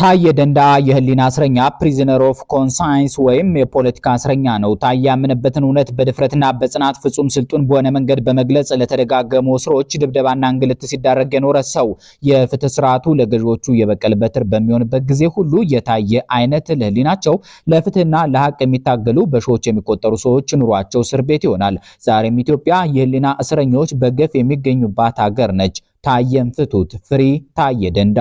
ታየ ደንዳ የህሊና እስረኛ ፕሪዝነር ኦፍ ኮንሳይንስ ወይም የፖለቲካ እስረኛ ነው። ታየ ያምንበትን እውነት በድፍረትና በጽናት ፍጹም ስልጡን በሆነ መንገድ በመግለጽ ለተደጋገሙ እስሮች፣ ድብደባና እንግልት ሲዳረግ የኖረ ሰው የፍትህ ስርዓቱ ለገዢዎቹ የበቀል በትር በሚሆንበት ጊዜ ሁሉ የታየ አይነት ለህሊናቸው ለፍትህና ለሀቅ የሚታገሉ በሺዎች የሚቆጠሩ ሰዎች ኑሯቸው እስር ቤት ይሆናል። ዛሬም ኢትዮጵያ የህሊና እስረኞች በገፍ የሚገኙባት ሀገር ነች። ታየም ፍቱት ፍሪ ታየ ደንዳ።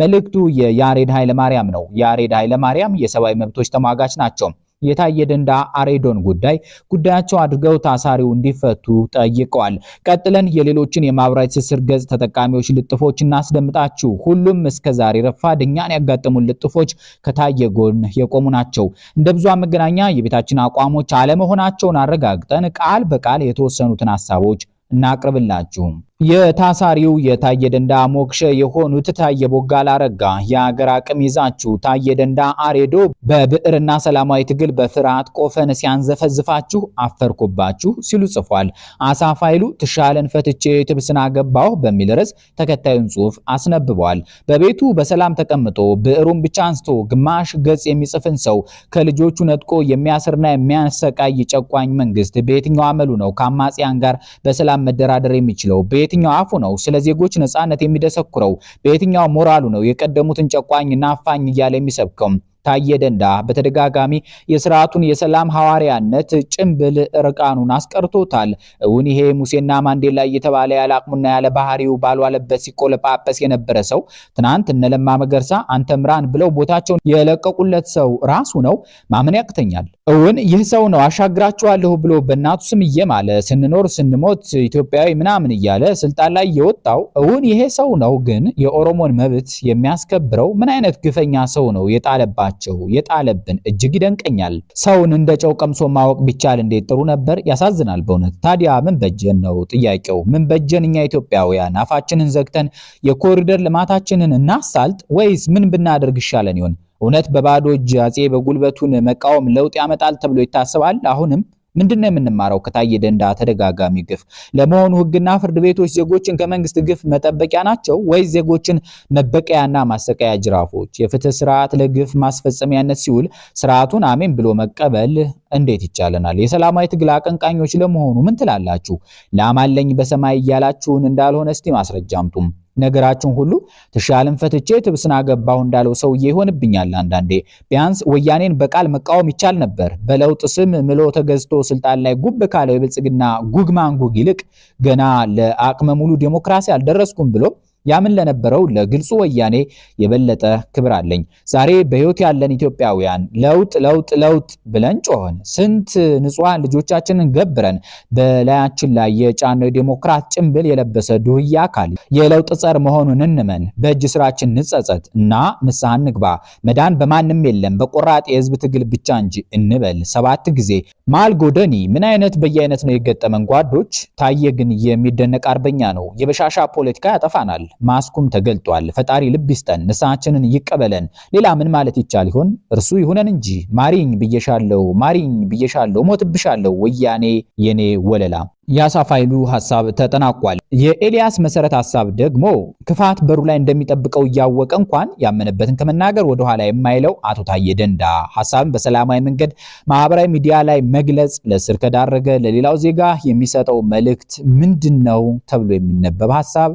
መልእክቱ የያሬድ ኃይለማርያም ነው። ያሬድ ኃይለማርያም የሰብአዊ መብቶች ተሟጋች ናቸው። የታየ ደንዳ አሬዶን ጉዳይ ጉዳያቸው አድርገው ታሳሪው እንዲፈቱ ጠይቀዋል። ቀጥለን የሌሎችን የማህበራዊ ትስስር ገጽ ተጠቃሚዎች ልጥፎች እናስደምጣችሁ። ሁሉም እስከ ዛሬ ረፋድ እኛን ያጋጠሙን ልጥፎች ከታየ ጎን የቆሙ ናቸው። እንደ ብዙ መገናኛ የቤታችን አቋሞች አለመሆናቸውን አረጋግጠን ቃል በቃል የተወሰኑትን ሀሳቦች እናቅርብላችሁም። የታሳሪው የታየ ደንዳ ሞክሸ የሆኑት ታየ ቦጋለ አረጋ የአገር አቅም ይዛችሁ ታየ ደንዳ አሬዶ በብዕርና ሰላማዊ ትግል በፍርሃት ቆፈን ሲያንዘፈዝፋችሁ አፈርኩባችሁ ሲሉ ጽፏል። አሳፍ ትሻለን ፈትቼ ትብስና ገባሁ በሚል ርዕስ ተከታዩን ጽሑፍ አስነብቧል። በቤቱ በሰላም ተቀምጦ ብዕሩን ብቻ አንስቶ ግማሽ ገጽ የሚጽፍን ሰው ከልጆቹ ነጥቆ የሚያስርና የሚያሰቃይ ጨቋኝ መንግስት በየትኛው አመሉ ነው ከአማጽያን ጋር በሰላም መደራደር የሚችለው? በየትኛው አፉ ነው ስለ ዜጎች ነጻነት የሚደሰኩረው? በየትኛው ሞራሉ ነው የቀደሙትን ጨቋኝና አፋኝ እያለ የሚሰብከው? ታየ ደንዳ በተደጋጋሚ የስርዓቱን የሰላም ሐዋርያነት ጭምብል ርቃኑን አስቀርቶታል። እውን ይሄ ሙሴና ማንዴላ እየተባለ ያለ አቅሙና ያለ ባህሪው ባልዋለበት ጳጳስ የነበረ ሰው ትናንት እነ ለማ መገርሳ አንተምራን ብለው ቦታቸውን የለቀቁለት ሰው ራሱ ነው። ማመን ያቅተኛል። እውን ይህ ሰው ነው አሻግራችኋለሁ ብሎ በእናቱ ስም እየማለ ስንኖር ስንሞት ኢትዮጵያዊ ምናምን እያለ ስልጣን ላይ የወጣው እውን ይሄ ሰው ነው። ግን የኦሮሞን መብት የሚያስከብረው ምን አይነት ግፈኛ ሰው ነው የጣለባ ናቸው የጣለብን። እጅግ ይደንቀኛል። ሰውን እንደ ጨው ቀምሶ ማወቅ ቢቻል እንዴት ጥሩ ነበር። ያሳዝናል በእውነት። ታዲያ ምን በጀን ነው ጥያቄው። ምን በጀን እኛ ኢትዮጵያውያን? አፋችንን ዘግተን የኮሪደር ልማታችንን እናሳልጥ ወይስ ምን ብናደርግ ይሻለን ይሆን? እውነት በባዶ እጅ አፄ በጉልበቱን መቃወም ለውጥ ያመጣል ተብሎ ይታሰባል? አሁንም ምንድነው የምንማረው? ከታየ ደንዳ ተደጋጋሚ ግፍ። ለመሆኑ ህግና ፍርድ ቤቶች ዜጎችን ከመንግስት ግፍ መጠበቂያ ናቸው ወይ ዜጎችን መበቀያና ማሰቃያ ጅራፎች? የፍትህ ስርዓት ለግፍ ማስፈጸሚያነት ሲውል ስርዓቱን አሜን ብሎ መቀበል እንዴት ይቻለናል? የሰላማዊ ትግል አቀንቃኞች ለመሆኑ ምን ትላላችሁ? ላማለኝ በሰማይ እያላችሁን እንዳልሆነ እስቲ ማስረጃምጡም? ነገራችሁን ሁሉ ትሻልን ፈትቼ ትብስና ገባሁ እንዳለው ሰውዬ ይሆንብኛል። አንዳንዴ ቢያንስ ወያኔን በቃል መቃወም ይቻል ነበር። በለውጥ ስም ምሎ ተገዝቶ ስልጣን ላይ ጉብ ካለው የብልጽግና ጉግ ይልቅ ገና ለአቅመ ሙሉ ዴሞክራሲ አልደረስኩም ብሎ ያምን ለነበረው ለግልጹ ወያኔ የበለጠ ክብር አለኝ። ዛሬ በህይወት ያለን ኢትዮጵያውያን ለውጥ ለውጥ ለውጥ ብለን ጮሆን ስንት ንጹሐን ልጆቻችንን ገብረን በላያችን ላይ የጫነው ዴሞክራት ጭንብል የለበሰ ዱህያ አካል የለውጥ ጸር መሆኑን እንመን። በእጅ ስራችን ንጸጸት እና ንስሐ ንግባ መዳን በማንም የለም በቆራጥ የህዝብ ትግል ብቻ እንጂ እንበል። ሰባት ጊዜ ማልጎደኒ ምን አይነት በየአይነት ነው የገጠመን ጓዶች። ታየ ግን የሚደነቅ አርበኛ ነው። የበሻሻ ፖለቲካ ያጠፋናል። ማስኩም ተገልጧል። ፈጣሪ ልብ ይስጠን፣ ንስሐችንን ይቀበለን። ሌላ ምን ማለት ይቻል ይሆን? እርሱ ይሁነን እንጂ ማሪኝ ብየሻለው፣ ማሪኝ ብየሻለው፣ ሞትብሻለው ወያኔ የኔ ወለላ። ፋይሉ ሐሳብ ተጠናቋል። የኤልያስ መሰረት ሐሳብ ደግሞ ክፋት በሩ ላይ እንደሚጠብቀው እያወቀ እንኳን ያመነበትን ከመናገር ወደ ኋላ የማይለው አቶ ታዬ ደንዳ ሐሳብን በሰላማዊ መንገድ ማህበራዊ ሚዲያ ላይ መግለጽ ለስር ከዳረገ ለሌላው ዜጋ የሚሰጠው መልእክት ምንድን ነው ተብሎ የሚነበብ ሐሳብ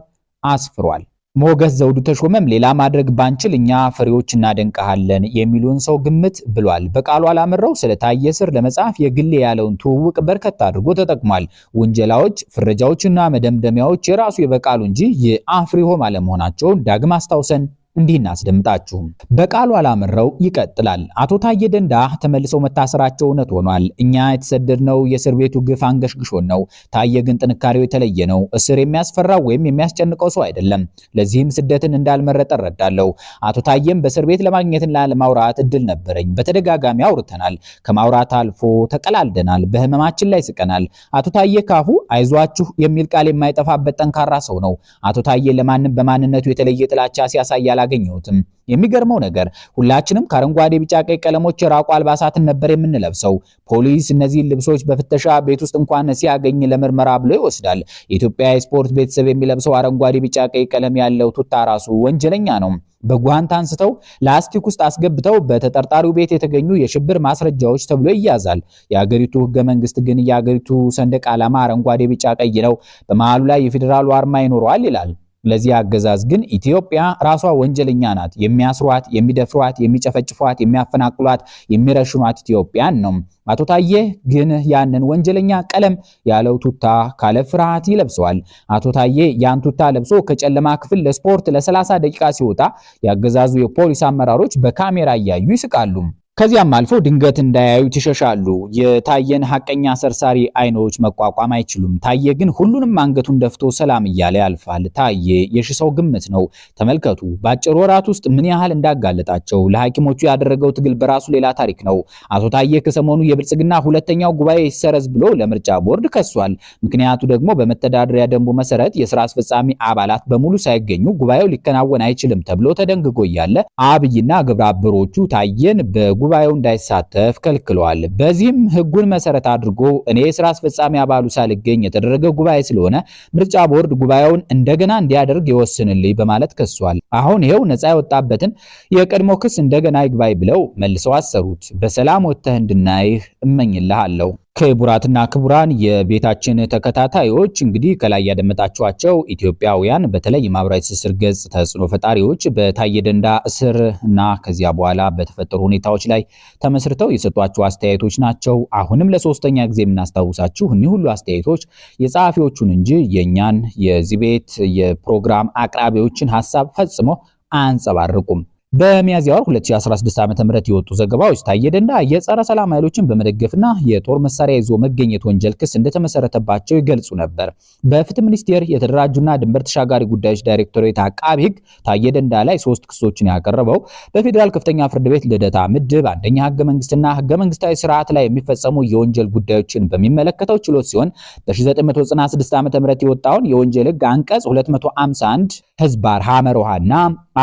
አስፍሯል። ሞገስ ዘውዱ ተሾመም ሌላ ማድረግ ባንችል እኛ ፍሬዎች እናደንቀሃለን የሚሉን ሰው ግምት ብሏል። በቃሉ አላመረው ስለ ታየ ስር ለመጽሐፍ የግሌ ያለውን ትውውቅ በርከት አድርጎ ተጠቅሟል። ውንጀላዎች፣ ፍረጃዎችና መደምደሚያዎች የራሱ የበቃሉ እንጂ የአፍሪሆም አለመሆናቸውን ዳግም አስታውሰን እንዲህ እናስደምጣችሁ። በቃሉ አላምረው ይቀጥላል። አቶ ታዬ ደንዳ ተመልሰው መታሰራቸው እውነት ሆኗል። እኛ የተሰደድነው የእስር ቤቱ ግፍ አንገሽግሾን ነው። ታዬ ግን ጥንካሬው የተለየ ነው። እስር የሚያስፈራው ወይም የሚያስጨንቀው ሰው አይደለም። ለዚህም ስደትን እንዳልመረጠ እረዳለሁ። አቶ ታዬም በእስር ቤት ለማግኘትና ማውራት እድል ነበረኝ። በተደጋጋሚ አውርተናል። ከማውራት አልፎ ተቀላልደናል። በህመማችን ላይ ስቀናል። አቶ ታዬ ካፉ አይዟችሁ የሚል ቃል የማይጠፋበት ጠንካራ ሰው ነው። አቶ ታዬ ለማንም በማንነቱ የተለየ ጥላቻ ሲያሳያል አላገኘሁትም። የሚገርመው ነገር ሁላችንም ከአረንጓዴ፣ ቢጫ፣ ቀይ ቀለሞች የራቁ አልባሳትን ነበር የምንለብሰው። ፖሊስ እነዚህን ልብሶች በፍተሻ ቤት ውስጥ እንኳን ሲያገኝ ለምርመራ ብሎ ይወስዳል። የኢትዮጵያ የስፖርት ቤተሰብ የሚለብሰው አረንጓዴ፣ ቢጫ፣ ቀይ ቀለም ያለው ቱታ ራሱ ወንጀለኛ ነው። በጓንት አንስተው ላስቲክ ውስጥ አስገብተው በተጠርጣሪው ቤት የተገኙ የሽብር ማስረጃዎች ተብሎ ይያዛል። የሀገሪቱ ህገ መንግስት ግን የሀገሪቱ ሰንደቅ ዓላማ አረንጓዴ፣ ቢጫ፣ ቀይ ነው፣ በመሃሉ ላይ የፌዴራሉ አርማ ይኖረዋል ይላል። ለዚህ አገዛዝ ግን ኢትዮጵያ ራሷ ወንጀለኛ ናት። የሚያስሯት፣ የሚደፍሯት፣ የሚጨፈጭፏት፣ የሚያፈናቅሏት፣ የሚረሽኗት ኢትዮጵያን ነው። አቶ ታዬ ግን ያንን ወንጀለኛ ቀለም ያለው ቱታ ካለ ፍርሃት ይለብሰዋል። አቶ ታዬ ያን ቱታ ለብሶ ከጨለማ ክፍል ለስፖርት ለ30 ደቂቃ ሲወጣ ያገዛዙ የፖሊስ አመራሮች በካሜራ እያዩ ይስቃሉ። ከዚያም አልፎ ድንገት እንዳያዩት ይሸሻሉ። የታየን ሐቀኛ ሰርሳሪ አይኖች መቋቋም አይችሉም። ታየ ግን ሁሉንም አንገቱን ደፍቶ ሰላም እያለ ያልፋል። ታየ የሽሰው ግምት ነው። ተመልከቱ፣ በአጭር ወራት ውስጥ ምን ያህል እንዳጋለጣቸው። ለሐኪሞቹ ያደረገው ትግል በራሱ ሌላ ታሪክ ነው። አቶ ታየ ከሰሞኑ የብልጽግና ሁለተኛው ጉባኤ ይሰረዝ ብሎ ለምርጫ ቦርድ ከሷል። ምክንያቱ ደግሞ በመተዳደሪያ ደንቡ መሰረት የስራ አስፈጻሚ አባላት በሙሉ ሳይገኙ ጉባኤው ሊከናወን አይችልም ተብሎ ተደንግጎ እያለ አብይና ግብረ አበሮቹ ታየን በጉ ጉባኤው እንዳይሳተፍ ከልክለዋል። በዚህም ህጉን መሰረት አድርጎ እኔ የስራ አስፈጻሚ አባሉ ሳልገኝ የተደረገ ጉባኤ ስለሆነ ምርጫ ቦርድ ጉባኤውን እንደገና እንዲያደርግ ይወስንልኝ በማለት ከሷል። አሁን ይሄው ነፃ የወጣበትን የቀድሞ ክስ እንደገና ይግባይ ብለው መልሰው አሰሩት። በሰላም ወጥተህ እንድናይህ እመኝልሃለሁ። ክቡራትና ክቡራን የቤታችን ተከታታዮች እንግዲህ ከላይ ያደመጣችኋቸው ኢትዮጵያውያን በተለይ የማህበራዊ ትስስር ገጽ ተጽዕኖ ፈጣሪዎች በታየ ደንዳ እስር እና ከዚያ በኋላ በተፈጠሩ ሁኔታዎች ላይ ተመስርተው የሰጧቸው አስተያየቶች ናቸው። አሁንም ለሶስተኛ ጊዜ የምናስታውሳችሁ እኒህ ሁሉ አስተያየቶች የጸሐፊዎቹን እንጂ የእኛን የዚህ ቤት የፕሮግራም አቅራቢዎችን ሀሳብ ፈጽሞ አያንጸባርቁም። በሚያዝያ ወር 2016 ዓ.ም የወጡ ዘገባዎች ታየ ደንዳ የጸረ ሰላም ኃይሎችን በመደገፍና የጦር መሳሪያ ይዞ መገኘት ወንጀል ክስ እንደተመሰረተባቸው ይገልጹ ነበር። በፍትህ ሚኒስቴር የተደራጁና ድንበር ተሻጋሪ ጉዳዮች ዳይሬክቶሬት አቃቢ ህግ ታየ ደንዳ ላይ ሶስት ክሶችን ያቀረበው በፌዴራል ከፍተኛ ፍርድ ቤት ልደታ ምድብ አንደኛ ህገ መንግስትና ህገ መንግስታዊ ስርዓት ላይ የሚፈጸሙ የወንጀል ጉዳዮችን በሚመለከተው ችሎት ሲሆን በ1996 ዓ.ም የወጣውን የወንጀል ህግ አንቀጽ 251 ህዝባር ሐመር ውሃና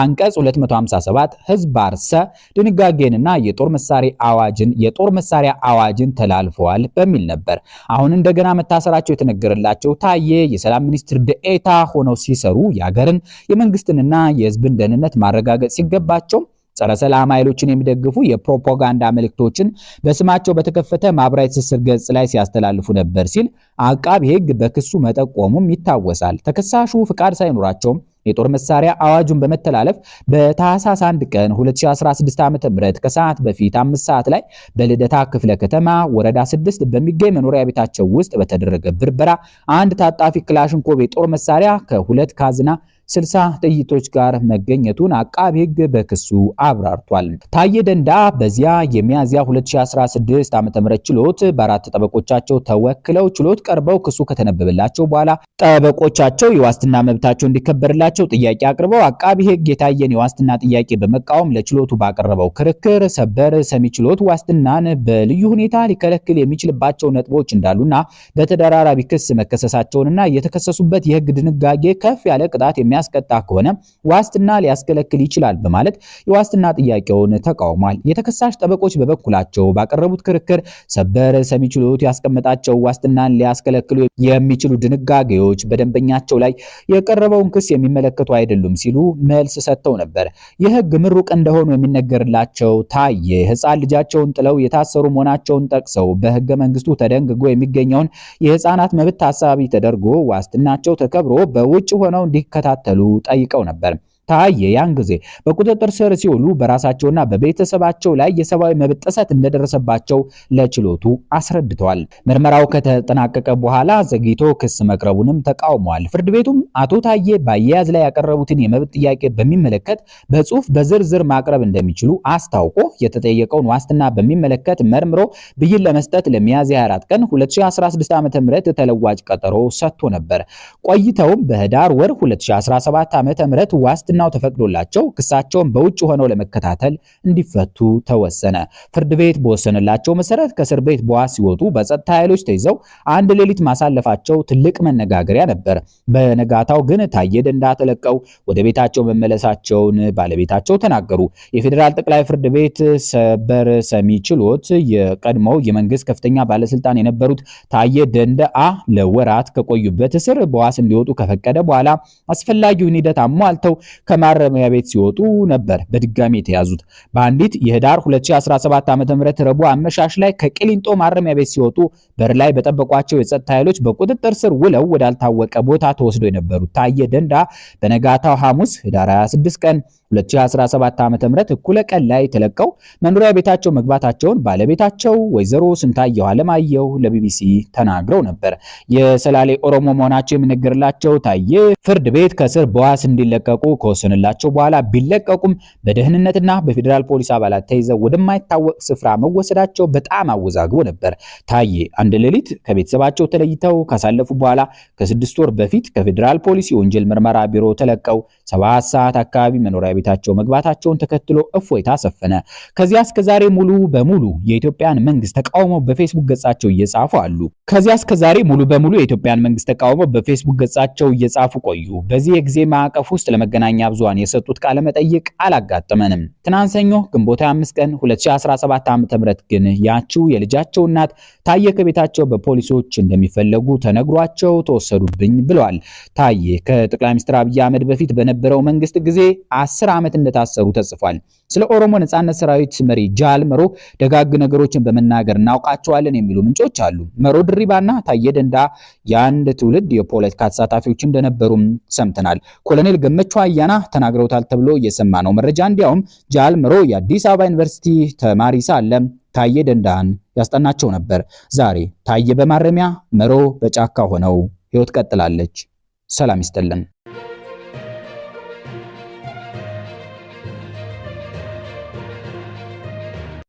አንቀጽ 257 17 ህዝብ አርሰ ድንጋጌንና የጦር መሳሪያ አዋጅን የጦር መሳሪያ አዋጅን ተላልፈዋል በሚል ነበር። አሁን እንደገና መታሰራቸው የተነገረላቸው ታዬ የሰላም ሚኒስትር ደኤታ ሆነው ሲሰሩ የሀገርን የመንግስትንና የህዝብን ደህንነት ማረጋገጥ ሲገባቸው ጸረ ሰላም ኃይሎችን የሚደግፉ የፕሮፓጋንዳ መልእክቶችን በስማቸው በተከፈተ ማህበራዊ ትስስር ገጽ ላይ ሲያስተላልፉ ነበር ሲል አቃቢ ህግ በክሱ መጠቆሙም ይታወሳል። ተከሳሹ ፍቃድ ሳይኖራቸውም የጦር መሳሪያ አዋጁን በመተላለፍ በታህሳስ 1 ቀን 2016 ዓ.ም ከሰዓት በፊት አምስት ሰዓት ላይ በልደታ ክፍለ ከተማ ወረዳ 6 በሚገኝ መኖሪያ ቤታቸው ውስጥ በተደረገ ብርበራ አንድ ታጣፊ ክላሽንኮቭ የጦር መሳሪያ ከሁለት ካዝና 60 ጥይቶች ጋር መገኘቱን አቃቢ ሕግ በክሱ አብራርቷል። ታየ ደንዳ በዚያ የሚያዝያ 2016 ዓ.ም ችሎት በአራት ጠበቆቻቸው ተወክለው ችሎት ቀርበው ክሱ ከተነበበላቸው በኋላ ጠበቆቻቸው የዋስትና መብታቸው እንዲከበርላቸው በበኩላቸው ጥያቄ አቅርበው አቃቢ ሕግ የታየን የዋስትና ጥያቄ በመቃወም ለችሎቱ ባቀረበው ክርክር ሰበር ሰሚ ችሎት ዋስትናን በልዩ ሁኔታ ሊከለክል የሚችልባቸው ነጥቦች እንዳሉና በተደራራቢ ክስ መከሰሳቸውንና የተከሰሱበት የሕግ ድንጋጌ ከፍ ያለ ቅጣት የሚያስቀጣ ከሆነ ዋስትና ሊያስከለክል ይችላል በማለት የዋስትና ጥያቄውን ተቃውሟል። የተከሳሽ ጠበቆች በበኩላቸው ባቀረቡት ክርክር ሰበር ሰሚ ችሎት ያስቀመጣቸው ዋስትናን ሊያስከለክሉ የሚችሉ ድንጋጌዎች በደንበኛቸው ላይ የቀረበውን ክስ የሚመለ የሚመለከቱ አይደሉም ሲሉ መልስ ሰጥተው ነበር። የህግ ምሩቅ እንደሆኑ የሚነገርላቸው ታዬ ህፃን ልጃቸውን ጥለው የታሰሩ መሆናቸውን ጠቅሰው በህገ መንግስቱ ተደንግጎ የሚገኘውን የህፃናት መብት ታሳቢ ተደርጎ ዋስትናቸው ተከብሮ በውጭ ሆነው እንዲከታተሉ ጠይቀው ነበር። ታየ። ያን ጊዜ በቁጥጥር ስር ሲውሉ በራሳቸውና በቤተሰባቸው ላይ የሰብአዊ መብት ጥሰት እንደደረሰባቸው ለችሎቱ አስረድተዋል። ምርመራው ከተጠናቀቀ በኋላ ዘግይቶ ክስ መቅረቡንም ተቃውመዋል። ፍርድ ቤቱም አቶ ታዬ በአያያዝ ላይ ያቀረቡትን የመብት ጥያቄ በሚመለከት በጽሁፍ በዝርዝር ማቅረብ እንደሚችሉ አስታውቆ የተጠየቀውን ዋስትና በሚመለከት መርምሮ ብይን ለመስጠት ለሚያዝያ 24 ቀን 2016 ዓ.ም ተለዋጭ ቀጠሮ ሰጥቶ ነበር። ቆይተውም በህዳር ወር 2017 ዓ.ም ዋስት ዋስትናው ተፈቅዶላቸው ክሳቸውን በውጭ ሆነው ለመከታተል እንዲፈቱ ተወሰነ። ፍርድ ቤት በወሰነላቸው መሰረት ከእስር ቤት በዋስ ሲወጡ በጸጥታ ኃይሎች ተይዘው አንድ ሌሊት ማሳለፋቸው ትልቅ መነጋገሪያ ነበር። በነጋታው ግን ታየ ደንዳ ተለቀው ወደ ቤታቸው መመለሳቸውን ባለቤታቸው ተናገሩ። የፌዴራል ጠቅላይ ፍርድ ቤት ሰበር ሰሚ ችሎት የቀድሞው የመንግስት ከፍተኛ ባለስልጣን የነበሩት ታየ ደንደዓ ለወራት ከቆዩበት እስር በዋስ እንዲወጡ ከፈቀደ በኋላ አስፈላጊውን ሂደት አሟልተው ከማረሚያ ቤት ሲወጡ ነበር በድጋሚ የተያዙት። በአንዲት የህዳር 2017 ዓ.ም ረቡዕ አመሻሽ ላይ ከቅሊንጦ ማረሚያ ቤት ሲወጡ በር ላይ በጠበቋቸው የጸጥታ ኃይሎች በቁጥጥር ስር ውለው ወዳልታወቀ ቦታ ተወስዶ የነበሩት ታየ ደንዳ በነጋታው ሐሙስ ህዳር 26 ቀን 2017 ዓ.ም እኩለ ቀን ላይ ተለቀው መኖሪያ ቤታቸው መግባታቸውን ባለቤታቸው ወይዘሮ ስንታየው አለማየሁ ለቢቢሲ ተናግረው ነበር። የሰላሌ ኦሮሞ መሆናቸው የሚነገርላቸው ታየ ፍርድ ቤት ከስር በዋስ እንዲለቀቁ ከተወሰነላቸው በኋላ ቢለቀቁም በደህንነትና በፌዴራል ፖሊስ አባላት ተይዘው ወደማይታወቅ ስፍራ መወሰዳቸው በጣም አወዛግቦ ነበር። ታዬ አንድ ሌሊት ከቤተሰባቸው ተለይተው ካሳለፉ በኋላ ከስድስት ወር በፊት ከፌዴራል ፖሊስ የወንጀል ምርመራ ቢሮ ተለቀው ሰባት ሰዓት አካባቢ መኖሪያ ቤታቸው መግባታቸውን ተከትሎ እፎይታ ሰፈነ። ከዚያ እስከ ዛሬ ሙሉ በሙሉ የኢትዮጵያን መንግስት ተቃውሞ በፌስቡክ ገጻቸው እየጻፉ አሉ። ከዚያ እስከ ዛሬ ሙሉ በሙሉ የኢትዮጵያን መንግስት ተቃውሞ በፌስቡክ ገጻቸው እየጻፉ ቆዩ። በዚህ የጊዜ ማዕቀፍ ውስጥ ለመገናኛ ብዙሃን የሰጡት ቃለ መጠይቅ አላጋጠመንም። ትናንት ሰኞ ግንቦት 25 ቀን 2017 ዓ.ም ግን ያቺው የልጃቸው እናት ታየ ከቤታቸው በፖሊሶች እንደሚፈለጉ ተነግሯቸው ተወሰዱብኝ ብለዋል። ታየ ከጠቅላይ ሚኒስትር አብይ አህመድ በፊት በነበረው መንግስት ጊዜ 10 ዓመት እንደታሰሩ ተጽፏል። ስለ ኦሮሞ ነጻነት ሰራዊት መሪ ጃል መሮ ደጋግ ነገሮችን በመናገር እናውቃቸዋለን የሚሉ ምንጮች አሉ። መሮ ድሪባና ታየ ደንዳ የአንድ ትውልድ የፖለቲካ ተሳታፊዎች እንደነበሩም ሰምተናል። ኮሎኔል ገመቹ አያና ተናግረውታል ተብሎ የሰማ ነው መረጃ። እንዲያውም ጃል መሮ የአዲስ አበባ ዩኒቨርሲቲ ተማሪ ሳለ ታየ ደንዳን ያስጠናቸው ነበር። ዛሬ ታየ በማረሚያ መሮ በጫካ ሆነው ህይወት ቀጥላለች። ሰላም ይስጥልን።